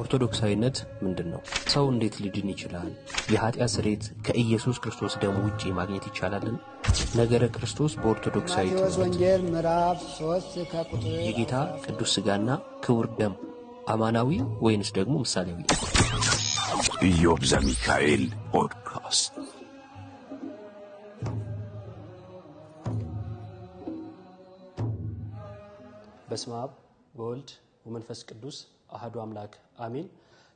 ኦርቶዶክሳዊነት ምንድን ነው? ሰው እንዴት ሊድን ይችላል? የኃጢአት ስርየት ከኢየሱስ ክርስቶስ ደም ውጭ ማግኘት ይቻላልን? ነገረ ክርስቶስ በኦርቶዶክሳዊ ወንጌል ምዕራፍ 3 ከቁጥር የጌታ ቅዱስ ሥጋና ክቡር ደም አማናዊ ወይንስ ደግሞ ምሳሌያዊ? ኢዮብ ዘሚካኤል ፖድካስት በስመ አብ ወወልድ ወመንፈስ ቅዱስ አህዱ አምላክ አሜን።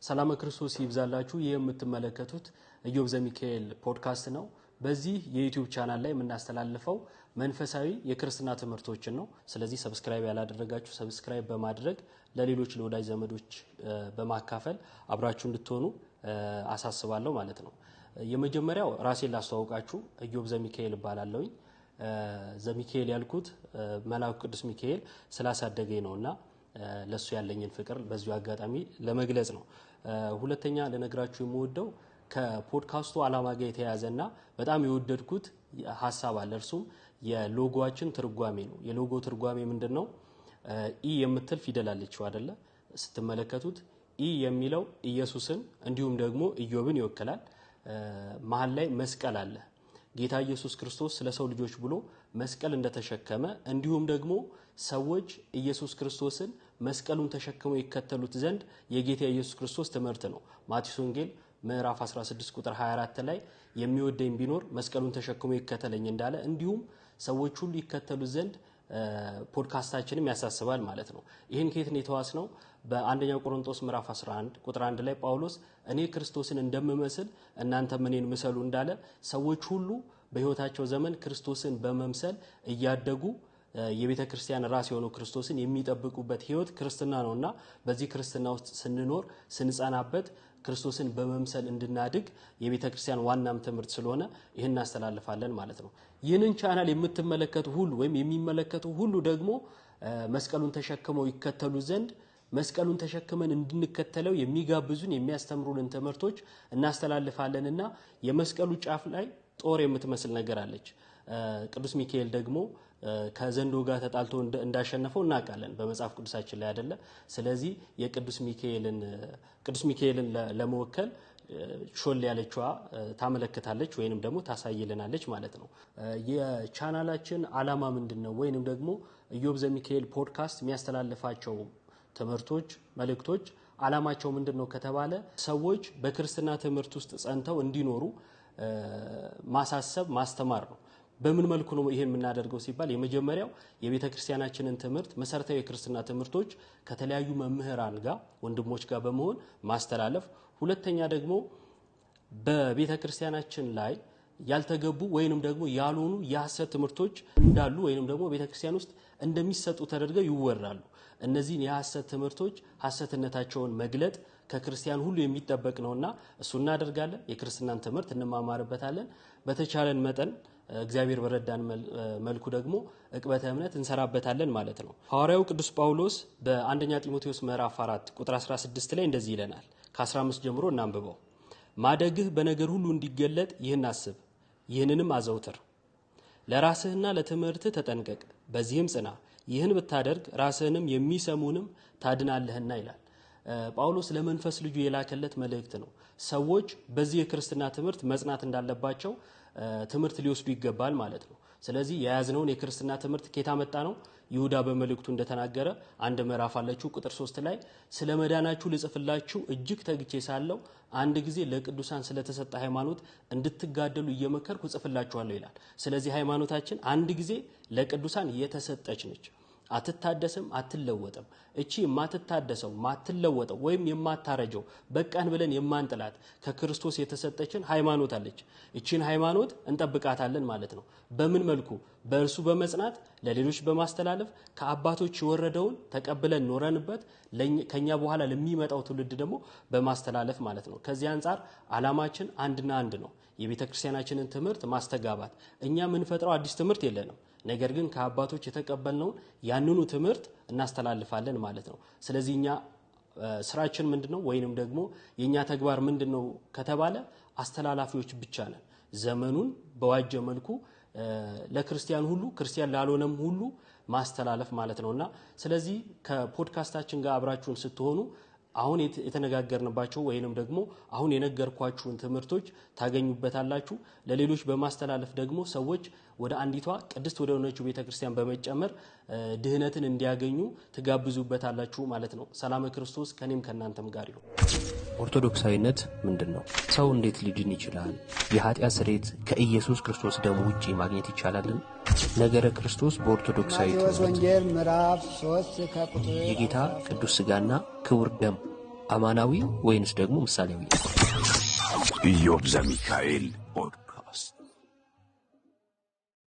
ሰላም ክርስቶስ ይብዛላችሁ። ይህ የምትመለከቱት ኢዮብ ዘሚካኤል ፖድካስት ነው። በዚህ የዩቲዩብ ቻናል ላይ የምናስተላልፈው መንፈሳዊ የክርስትና ትምህርቶችን ነው። ስለዚህ ሰብስክራይብ ያላደረጋችሁ ሰብስክራይብ በማድረግ ለሌሎች ለወዳጅ ዘመዶች በማካፈል አብራችሁ እንድትሆኑ አሳስባለሁ ማለት ነው። የመጀመሪያው ራሴን ላስተዋውቃችሁ፣ ኢዮብ ዘሚካኤል እባላለሁኝ። ዘሚካኤል ያልኩት መልአኩ ቅዱስ ሚካኤል ስላሳደገኝ ነው እና ለእሱ ያለኝን ፍቅር በዚሁ አጋጣሚ ለመግለጽ ነው። ሁለተኛ ልነግራችሁ የምወደው ከፖድካስቱ አላማ ጋር የተያያዘና በጣም የወደድኩት ሀሳብ አለ። እርሱም የሎጎችን ትርጓሜ ነው። የሎጎ ትርጓሜ ምንድን ነው? ኢ የምትል ፊደል አለችው አደለ? ስትመለከቱት ኢ የሚለው ኢየሱስን እንዲሁም ደግሞ ኢዮብን ይወክላል። መሀል ላይ መስቀል አለ። ጌታ ኢየሱስ ክርስቶስ ስለ ሰው ልጆች ብሎ መስቀል እንደተሸከመ እንዲሁም ደግሞ ሰዎች ኢየሱስ ክርስቶስን መስቀሉን ተሸክመው ይከተሉት ዘንድ የጌታ ኢየሱስ ክርስቶስ ትምህርት ነው። ማቴዎስ ወንጌል ምዕራፍ 16 ቁጥር 24 ላይ የሚወደኝ ቢኖር መስቀሉን ተሸክሞ ይከተለኝ እንዳለ እንዲሁም ሰዎች ሁሉ ይከተሉት ዘንድ ፖድካስታችንም ያሳስባል ማለት ነው። ይህን ከየት ነው የተዋስ ነው? በአንደኛው ቆሮንቶስ ምዕራፍ 11 ቁጥር 1 ላይ ጳውሎስ እኔ ክርስቶስን እንደምመስል እናንተም እኔን ምሰሉ እንዳለ ሰዎች ሁሉ በሕይወታቸው ዘመን ክርስቶስን በመምሰል እያደጉ የቤተ ክርስቲያን ራስ የሆነው ክርስቶስን የሚጠብቁበት ህይወት ክርስትና ነው እና በዚህ ክርስትና ውስጥ ስንኖር ስንጸናበት ክርስቶስን በመምሰል እንድናድግ የቤተ ክርስቲያን ዋናም ትምህርት ስለሆነ ይህ እናስተላልፋለን ማለት ነው። ይህንን ቻናል የምትመለከቱ ሁሉ ወይም የሚመለከቱ ሁሉ ደግሞ መስቀሉን ተሸክመው ይከተሉ ዘንድ መስቀሉን ተሸክመን እንድንከተለው የሚጋብዙን የሚያስተምሩንን ትምህርቶች እናስተላልፋለንና የመስቀሉ ጫፍ ላይ ጦር የምትመስል ነገር አለች። ቅዱስ ሚካኤል ደግሞ ከዘንዶ ጋር ተጣልቶ እንዳሸነፈው እናውቃለን በመጽሐፍ ቅዱሳችን ላይ አይደለ? ስለዚህ የቅዱስ ሚካኤልን ቅዱስ ሚካኤልን ለመወከል ሾል ያለችዋ ታመለክታለች ወይንም ደግሞ ታሳይልናለች ማለት ነው። የቻናላችን አላማ ምንድን ነው? ወይንም ደግሞ ኢዮብ ዘሚካኤል ፖድካስት የሚያስተላልፋቸው ትምህርቶች፣ መልእክቶች አላማቸው ምንድን ነው ከተባለ ሰዎች በክርስትና ትምህርት ውስጥ ጸንተው እንዲኖሩ ማሳሰብ፣ ማስተማር ነው። በምን መልኩ ነው ይሄን የምናደርገው ሲባል የመጀመሪያው የቤተ ክርስቲያናችንን ትምህርት መሰረታዊ የክርስትና ትምህርቶች ከተለያዩ መምህራን ጋር ወንድሞች ጋር በመሆን ማስተላለፍ፣ ሁለተኛ ደግሞ በቤተ ክርስቲያናችን ላይ ያልተገቡ ወይንም ደግሞ ያልሆኑ የሐሰት ትምህርቶች እንዳሉ ወይንም ደግሞ ቤተክርስቲያን ውስጥ እንደሚሰጡ ተደርገው ይወራሉ። እነዚህን የሐሰት ትምህርቶች ሐሰትነታቸውን መግለጥ ከክርስቲያን ሁሉ የሚጠበቅ ነውና እሱ እናደርጋለን። የክርስትናን ትምህርት እንማማርበታለን። በተቻለን መጠን እግዚአብሔር በረዳን መልኩ ደግሞ እቅበተ እምነት እንሰራበታለን ማለት ነው። ሐዋርያው ቅዱስ ጳውሎስ በአንደኛ ጢሞቴዎስ ምዕራፍ 4 ቁጥር 16 ላይ እንደዚህ ይለናል። ከ15 ጀምሮ እናንብበው። ማደግህ በነገር ሁሉ እንዲገለጥ ይህን አስብ ይህንንም አዘውትር። ለራስህና ለትምህርትህ ተጠንቀቅ፣ በዚህም ጽና። ይህን ብታደርግ ራስህንም የሚሰሙንም ታድናለህና ይላል። ጳውሎስ ለመንፈስ ልጁ የላከለት መልእክት ነው። ሰዎች በዚህ የክርስትና ትምህርት መጽናት እንዳለባቸው ትምህርት ሊወስዱ ይገባል ማለት ነው። ስለዚህ የያዝነውን የክርስትና ትምህርት ኬታ መጣ ነው። ይሁዳ በመልእክቱ እንደተናገረ አንድ ምዕራፍ አለችው ቁጥር ሶስት ላይ ስለ መዳናችሁ ልጽፍላችሁ እጅግ ተግቼ ሳለው አንድ ጊዜ ለቅዱሳን ስለተሰጠ ሃይማኖት እንድትጋደሉ እየመከርኩ ጽፍላችኋለሁ ይላል። ስለዚህ ሃይማኖታችን አንድ ጊዜ ለቅዱሳን የተሰጠች ነች። አትታደስም፣ አትለወጥም። እቺ የማትታደሰው ማትለወጠው ወይም የማታረጀው በቃን ብለን የማንጥላት ከክርስቶስ የተሰጠችን ሃይማኖት አለች። እቺን ሃይማኖት እንጠብቃታለን ማለት ነው። በምን መልኩ በእርሱ በመጽናት ለሌሎች በማስተላለፍ ከአባቶች የወረደውን ተቀብለን ኖረንበት ከኛ በኋላ ለሚመጣው ትውልድ ደግሞ በማስተላለፍ ማለት ነው። ከዚህ አንጻር ዓላማችን አንድና አንድ ነው፣ የቤተ ክርስቲያናችንን ትምህርት ማስተጋባት። እኛ የምንፈጥረው አዲስ ትምህርት የለንም። ነገር ግን ከአባቶች የተቀበልነውን ያንኑ ትምህርት እናስተላልፋለን ማለት ነው። ስለዚህ እኛ ስራችን ምንድን ነው ወይንም ደግሞ የእኛ ተግባር ምንድን ነው ከተባለ አስተላላፊዎች ብቻ ነን። ዘመኑን በዋጀ መልኩ ለክርስቲያን ሁሉ ክርስቲያን ላልሆነም ሁሉ ማስተላለፍ ማለት ነውና ስለዚህ ከፖድካስታችን ጋር አብራችሁን ስትሆኑ አሁን የተነጋገርንባቸው ወይንም ደግሞ አሁን የነገርኳችሁን ትምህርቶች ታገኙበታላችሁ። ለሌሎች በማስተላለፍ ደግሞ ሰዎች ወደ አንዲቷ ቅድስት ወደ ሆነችው ቤተ ክርስቲያን በመጨመር ድህነትን እንዲያገኙ ትጋብዙበታላችሁ ማለት ነው። ሰላመ ክርስቶስ ከኔም ከእናንተም ጋር ይሁን። ኦርቶዶክሳዊነት ምንድን ነው? ሰው እንዴት ሊድን ይችላል? የኃጢአት ስርየት ከኢየሱስ ክርስቶስ ደሙ ውጭ ማግኘት ይቻላልን? ነገረ ክርስቶስ በኦርቶዶክሳዊ ወንጌል ምዕራፍ 3 ከቁጥር የጌታ ቅዱስ ስጋና ክቡር ደም አማናዊ ወይንስ ደግሞ ምሳሌያዊ? ኢዮብ ዘሚካኤል ፖድካስት